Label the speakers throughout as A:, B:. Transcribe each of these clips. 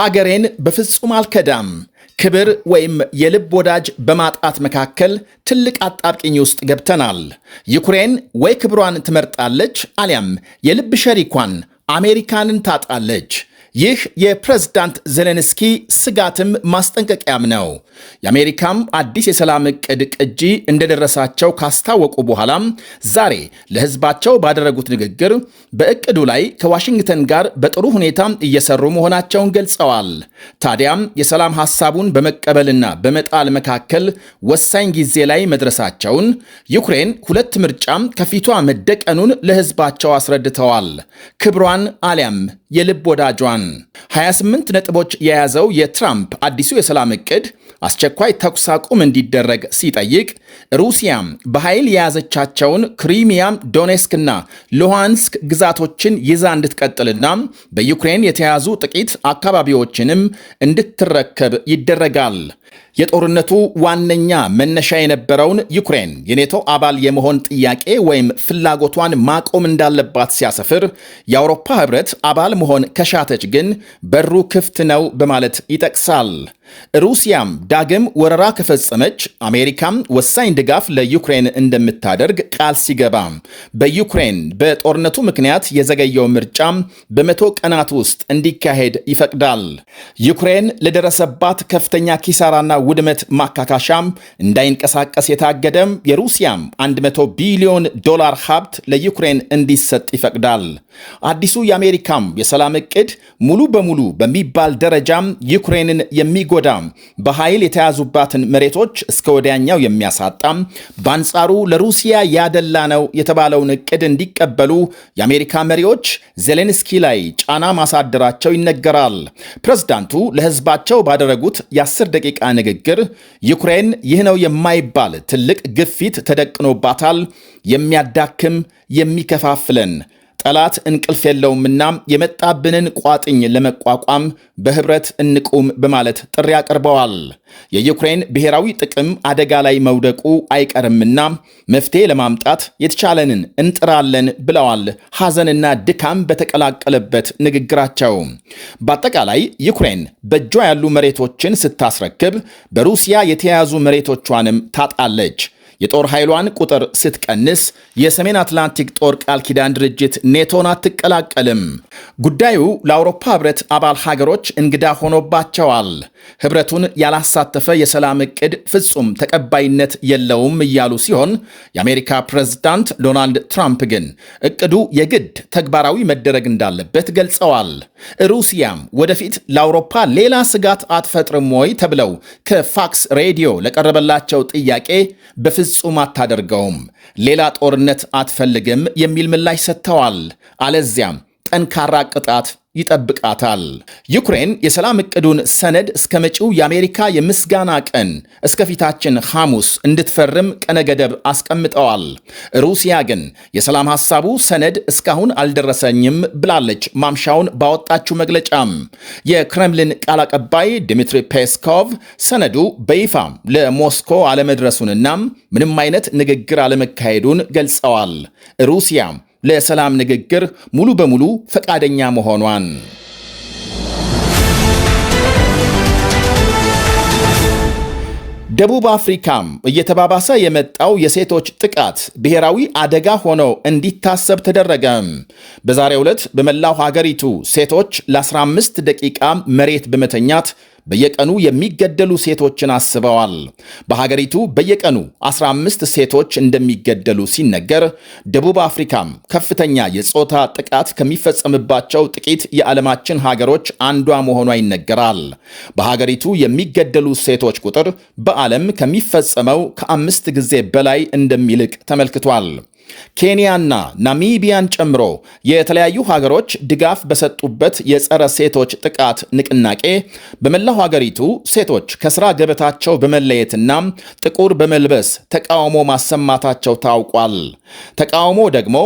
A: ሀገሬን በፍጹም አልከዳም። ክብር ወይም የልብ ወዳጅ በማጣት መካከል ትልቅ አጣብቂኝ ውስጥ ገብተናል። ዩክሬን ወይ ክብሯን ትመርጣለች፣ አሊያም የልብ ሸሪኳን አሜሪካንን ታጣለች። ይህ የፕሬዝዳንት ዜሌንስኪ ስጋትም ማስጠንቀቂያም ነው። የአሜሪካም አዲስ የሰላም እቅድ ቅጂ እንደደረሳቸው ካስታወቁ በኋላም ዛሬ ለሕዝባቸው ባደረጉት ንግግር በእቅዱ ላይ ከዋሽንግተን ጋር በጥሩ ሁኔታ እየሰሩ መሆናቸውን ገልጸዋል። ታዲያም የሰላም ሐሳቡን በመቀበልና በመጣል መካከል ወሳኝ ጊዜ ላይ መድረሳቸውን፣ ዩክሬን ሁለት ምርጫም ከፊቷ መደቀኑን ለሕዝባቸው አስረድተዋል። ክብሯን አሊያም የልብ ወዳጇን 28 ነጥቦች የያዘው የትራምፕ አዲሱ የሰላም እቅድ አስቸኳይ ተኩስ አቁም እንዲደረግ ሲጠይቅ ሩሲያም በኃይል የያዘቻቸውን ክሪሚያም፣ ዶኔስክና ሉሃንስክ ግዛቶችን ይዛ እንድትቀጥልና በዩክሬን የተያዙ ጥቂት አካባቢዎችንም እንድትረከብ ይደረጋል። የጦርነቱ ዋነኛ መነሻ የነበረውን ዩክሬን የኔቶ አባል የመሆን ጥያቄ ወይም ፍላጎቷን ማቆም እንዳለባት ሲያሰፍር፣ የአውሮፓ ህብረት አባል መሆን ከሻተች ግን በሩ ክፍት ነው በማለት ይጠቅሳል። ሩሲያም ዳግም ወረራ ከፈጸመች አሜሪካም ወሳኝ ድጋፍ ለዩክሬን እንደምታደርግ ቃል ሲገባ በዩክሬን በጦርነቱ ምክንያት የዘገየው ምርጫ በመቶ ቀናት ውስጥ እንዲካሄድ ይፈቅዳል። ዩክሬን ለደረሰባት ከፍተኛ ኪሳራና ውድመት ማካካሻም እንዳይንቀሳቀስ የታገደም የሩሲያም 100 ቢሊዮን ዶላር ሀብት ለዩክሬን እንዲሰጥ ይፈቅዳል። አዲሱ የአሜሪካም የሰላም እቅድ ሙሉ በሙሉ በሚባል ደረጃም ዩክሬንን የሚጎ ወዳ በኃይል የተያዙባትን መሬቶች እስከ ወዲያኛው የሚያሳጣም በአንጻሩ ለሩሲያ ያደላ ነው የተባለውን እቅድ እንዲቀበሉ የአሜሪካ መሪዎች ዜሌንስኪ ላይ ጫና ማሳደራቸው ይነገራል። ፕሬዝዳንቱ ለሕዝባቸው ባደረጉት የአስር ደቂቃ ንግግር ዩክሬን ይህ ነው የማይባል ትልቅ ግፊት ተደቅኖባታል፣ የሚያዳክም የሚከፋፍለን ጠላት እንቅልፍ የለውምና የመጣብንን ቋጥኝ ለመቋቋም በህብረት እንቁም በማለት ጥሪ አቅርበዋል። የዩክሬን ብሔራዊ ጥቅም አደጋ ላይ መውደቁ አይቀርምና መፍትሄ ለማምጣት የተቻለንን እንጥራለን ብለዋል። ሐዘንና ድካም በተቀላቀለበት ንግግራቸው በአጠቃላይ ዩክሬን በእጇ ያሉ መሬቶችን ስታስረክብ በሩሲያ የተያያዙ መሬቶቿንም ታጣለች። የጦር ኃይሏን ቁጥር ስትቀንስ የሰሜን አትላንቲክ ጦር ቃል ኪዳን ድርጅት ኔቶን አትቀላቀልም። ጉዳዩ ለአውሮፓ ህብረት አባል ሀገሮች እንግዳ ሆኖባቸዋል። ህብረቱን ያላሳተፈ የሰላም ዕቅድ ፍጹም ተቀባይነት የለውም እያሉ ሲሆን የአሜሪካ ፕሬዝዳንት ዶናልድ ትራምፕ ግን እቅዱ የግድ ተግባራዊ መደረግ እንዳለበት ገልጸዋል። ሩሲያም ወደፊት ለአውሮፓ ሌላ ስጋት አትፈጥርም ወይ ተብለው ከፋክስ ሬዲዮ ለቀረበላቸው ጥያቄ በፍ በፍጹም አታደርገውም፣ ሌላ ጦርነት አትፈልግም የሚል ምላሽ ሰጥተዋል። አለዚያም ጠንካራ ቅጣት ይጠብቃታል። ዩክሬን የሰላም እቅዱን ሰነድ እስከ መጪው የአሜሪካ የምስጋና ቀን እስከ ፊታችን ሐሙስ እንድትፈርም ቀነ ገደብ አስቀምጠዋል። ሩሲያ ግን የሰላም ሐሳቡ ሰነድ እስካሁን አልደረሰኝም ብላለች። ማምሻውን ባወጣችው መግለጫም የክሬምሊን ቃል አቀባይ ድሚትሪ ፔስኮቭ ሰነዱ በይፋ ለሞስኮ አለመድረሱንና ምንም አይነት ንግግር አለመካሄዱን ገልጸዋል። ሩሲያ ለሰላም ንግግር ሙሉ በሙሉ ፈቃደኛ መሆኗን ደቡብ አፍሪካም እየተባባሰ የመጣው የሴቶች ጥቃት ብሔራዊ አደጋ ሆኖ እንዲታሰብ ተደረገ። በዛሬው ዕለት በመላው ሀገሪቱ ሴቶች ለ15 ደቂቃ መሬት በመተኛት በየቀኑ የሚገደሉ ሴቶችን አስበዋል። በሀገሪቱ በየቀኑ 15 ሴቶች እንደሚገደሉ ሲነገር ደቡብ አፍሪካም ከፍተኛ የጾታ ጥቃት ከሚፈጸምባቸው ጥቂት የዓለማችን ሀገሮች አንዷ መሆኗ ይነገራል። በሀገሪቱ የሚገደሉ ሴቶች ቁጥር በዓለም ከሚፈጸመው ከአምስት ጊዜ በላይ እንደሚልቅ ተመልክቷል። ኬንያና ናሚቢያን ጨምሮ የተለያዩ ሀገሮች ድጋፍ በሰጡበት የጸረ ሴቶች ጥቃት ንቅናቄ በመላው ሀገሪቱ ሴቶች ከስራ ገበታቸው በመለየትና ጥቁር በመልበስ ተቃውሞ ማሰማታቸው ታውቋል። ተቃውሞ ደግሞ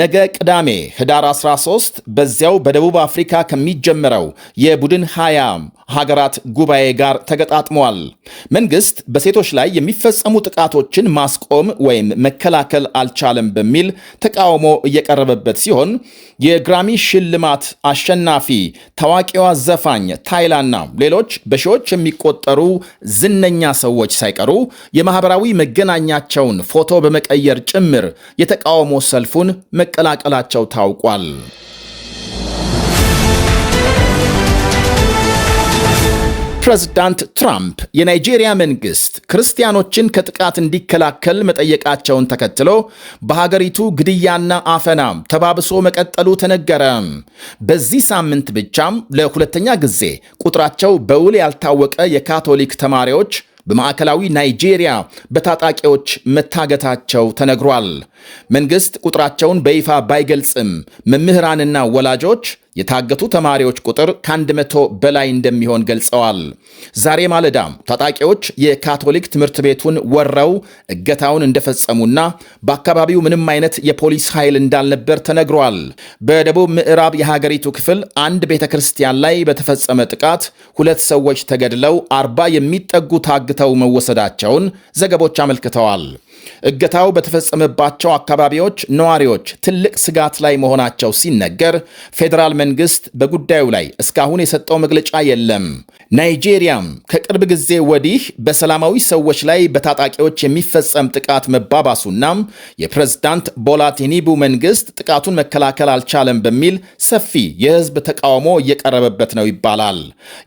A: ነገ ቅዳሜ ህዳር 13 በዚያው በደቡብ አፍሪካ ከሚጀመረው የቡድን ሀያ ሀገራት ጉባኤ ጋር ተገጣጥመዋል። መንግስት በሴቶች ላይ የሚፈጸሙ ጥቃቶችን ማስቆም ወይም መከላከል አልቻለም በሚል ተቃውሞ እየቀረበበት ሲሆን የግራሚ ሽልማት አሸናፊ ታዋቂዋ ዘፋኝ ታይላና ሌሎች በሺዎች የሚቆጠሩ ዝነኛ ሰዎች ሳይቀሩ የማህበራዊ መገናኛቸውን ፎቶ በመቀየር ጭምር የተቃውሞ ሰልፉን መቀላቀላቸው ታውቋል። ፕሬዝዳንት ትራምፕ የናይጄሪያ መንግስት ክርስቲያኖችን ከጥቃት እንዲከላከል መጠየቃቸውን ተከትሎ በሀገሪቱ ግድያና አፈና ተባብሶ መቀጠሉ ተነገረ። በዚህ ሳምንት ብቻም ለሁለተኛ ጊዜ ቁጥራቸው በውል ያልታወቀ የካቶሊክ ተማሪዎች በማዕከላዊ ናይጄሪያ በታጣቂዎች መታገታቸው ተነግሯል። መንግሥት ቁጥራቸውን በይፋ ባይገልጽም መምህራንና ወላጆች የታገቱ ተማሪዎች ቁጥር ከ100 በላይ እንደሚሆን ገልጸዋል። ዛሬ ማለዳ ታጣቂዎች የካቶሊክ ትምህርት ቤቱን ወረው እገታውን እንደፈጸሙና በአካባቢው ምንም አይነት የፖሊስ ኃይል እንዳልነበር ተነግሯል። በደቡብ ምዕራብ የሀገሪቱ ክፍል አንድ ቤተ ክርስቲያን ላይ በተፈጸመ ጥቃት ሁለት ሰዎች ተገድለው አርባ የሚጠጉ ታግተው መወሰዳቸውን ዘገቦች አመልክተዋል። እገታው በተፈጸመባቸው አካባቢዎች ነዋሪዎች ትልቅ ስጋት ላይ መሆናቸው ሲነገር ፌዴራል መንግስት በጉዳዩ ላይ እስካሁን የሰጠው መግለጫ የለም። ናይጄሪያም ከቅርብ ጊዜ ወዲህ በሰላማዊ ሰዎች ላይ በታጣቂዎች የሚፈጸም ጥቃት መባባሱናም የፕሬዝዳንት ቦላ መንግስት ጥቃቱን መከላከል አልቻለም በሚል ሰፊ የህዝብ ተቃውሞ እየቀረበበት ነው ይባላል።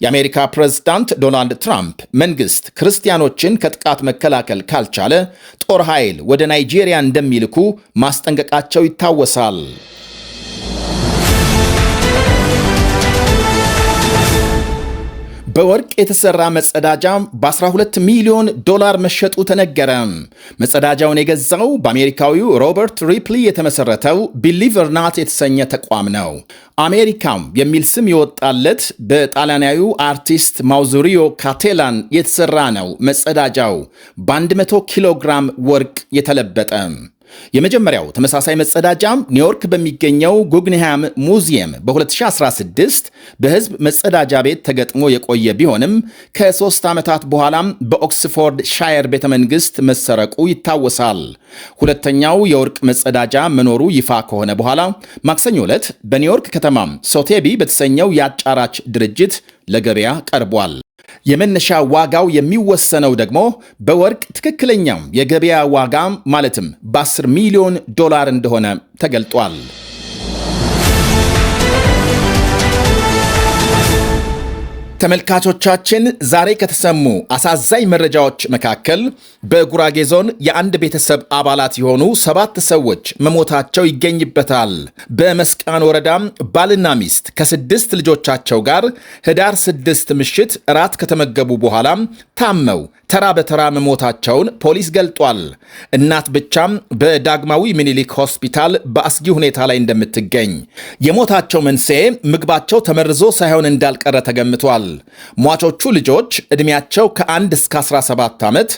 A: የአሜሪካ ፕሬዝዳንት ዶናልድ ትራምፕ መንግስት ክርስቲያኖችን ከጥቃት መከላከል ካልቻለ ጦር ኃይል ወደ ናይጄሪያ እንደሚልኩ ማስጠንቀቃቸው ይታወሳል። በወርቅ የተሰራ መጸዳጃ በ12 ሚሊዮን ዶላር መሸጡ ተነገረ። መጸዳጃውን የገዛው በአሜሪካዊው ሮበርት ሪፕሊ የተመሰረተው ቢሊቨር ናት የተሰኘ ተቋም ነው። አሜሪካም የሚል ስም የወጣለት በጣሊያናዊ አርቲስት ማውዙሪዮ ካቴላን የተሰራ ነው። መጸዳጃው በ100 ኪሎግራም ወርቅ የተለበጠ የመጀመሪያው ተመሳሳይ መጸዳጃም ኒውዮርክ በሚገኘው ጉግንሃም ሙዚየም በ2016 በሕዝብ መጸዳጃ ቤት ተገጥሞ የቆየ ቢሆንም ከሦስት ዓመታት በኋላም በኦክስፎርድ ሻየር ቤተ መንግሥት መሰረቁ ይታወሳል። ሁለተኛው የወርቅ መጸዳጃ መኖሩ ይፋ ከሆነ በኋላ ማክሰኞ ዕለት በኒውዮርክ ከተማም ሶቴቢ በተሰኘው የአጫራች ድርጅት ለገበያ ቀርቧል። የመነሻ ዋጋው የሚወሰነው ደግሞ በወርቅ ትክክለኛው የገበያ ዋጋ ማለትም በ10 ሚሊዮን ዶላር እንደሆነ ተገልጧል። ተመልካቾቻችን ዛሬ ከተሰሙ አሳዛኝ መረጃዎች መካከል በጉራጌ ዞን የአንድ ቤተሰብ አባላት የሆኑ ሰባት ሰዎች መሞታቸው ይገኝበታል። በመስቃን ወረዳም ባልና ሚስት ከስድስት ልጆቻቸው ጋር ህዳር ስድስት ምሽት እራት ከተመገቡ በኋላም ታመው ተራ በተራ መሞታቸውን ፖሊስ ገልጧል። እናት ብቻም በዳግማዊ ምኒልክ ሆስፒታል በአስጊ ሁኔታ ላይ እንደምትገኝ፣ የሞታቸው መንስኤ ምግባቸው ተመርዞ ሳይሆን እንዳልቀረ ተገምቷል። ሟቾቹ ልጆች ዕድሜያቸው ከአንድ እስከ 17 ዓመት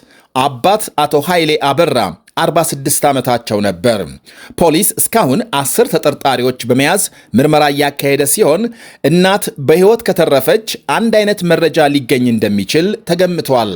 A: አባት አቶ ኃይሌ አበራ 46 ዓመታቸው ነበር። ፖሊስ እስካሁን አስር ተጠርጣሪዎች በመያዝ ምርመራ እያካሄደ ሲሆን እናት በሕይወት ከተረፈች አንድ አይነት መረጃ ሊገኝ እንደሚችል ተገምቷል።